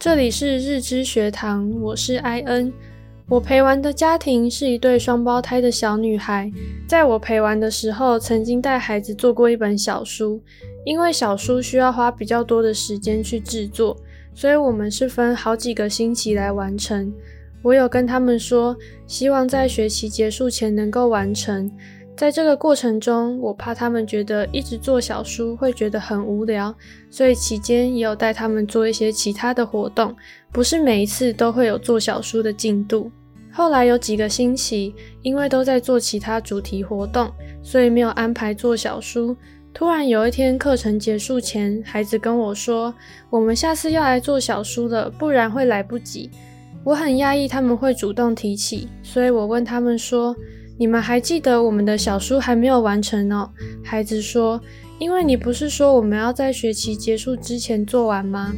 這裡是日知學堂，我是艾恩。我陪玩的家庭是一對雙胞胎的小女孩。在我陪玩的時候，曾經帶孩子做過一本小書。因為小書需要花比較多的時間去制作，所以我們是分好幾個星期來完成。我有跟他們說，希望在學期結束前能夠完成。在這個過程中，我怕他們覺得一直做小書會覺得很無聊，所以期間也有帶他們做一些其他的活動。不是每一次都會有做小書的進度。後來有幾個星期，因為都在做其他主題活動，所以沒有安排做小書。突然有一天課程結束前，孩子跟我說：“我們下次要來做小書了，不然會來不及。”我很壓抑他們會主動提起，所以我問他們說。你們還記得我們的小書還沒有完成呢？孩子說：“因為你不是說我們要在學期結束之前做完嗎？”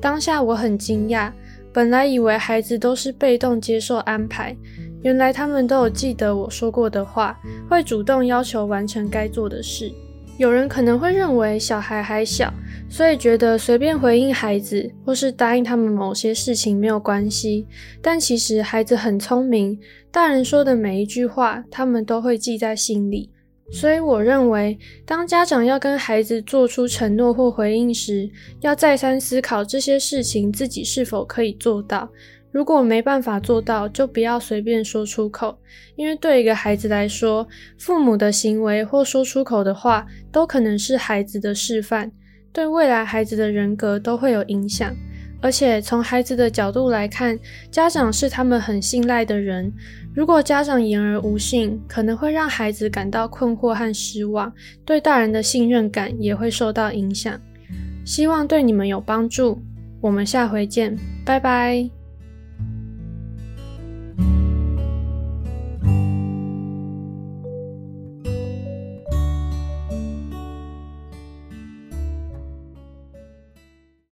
當下我很驚訝，本來以為孩子都是被動接受安排，原來他們都有記得我說過的話，會主動要求完成該做的事。有人可能會認為小孩還小，所以覺得隨便回應孩子或是答應他們某些事情沒有關係。但其實孩子很聰明，大人說的每一句話，他們都會記在心裡。所以我認為，當家長要跟孩子做出承諾或回應時，要再三思考這些事情自己是否可以做到。如果沒辦法做到，就不要隨便說出口，因為對一個孩子來說，父母的行為或說出口的話都可能是孩子的示範，對未來孩子的人格都會有影響。而且從孩子的角度來看，家長是他們很信賴的人，如果家長言而無信，可能會讓孩子感到困惑和失望，對大人的信任感也會受到影響。希望對你們有幫助，我們下回見，拜拜。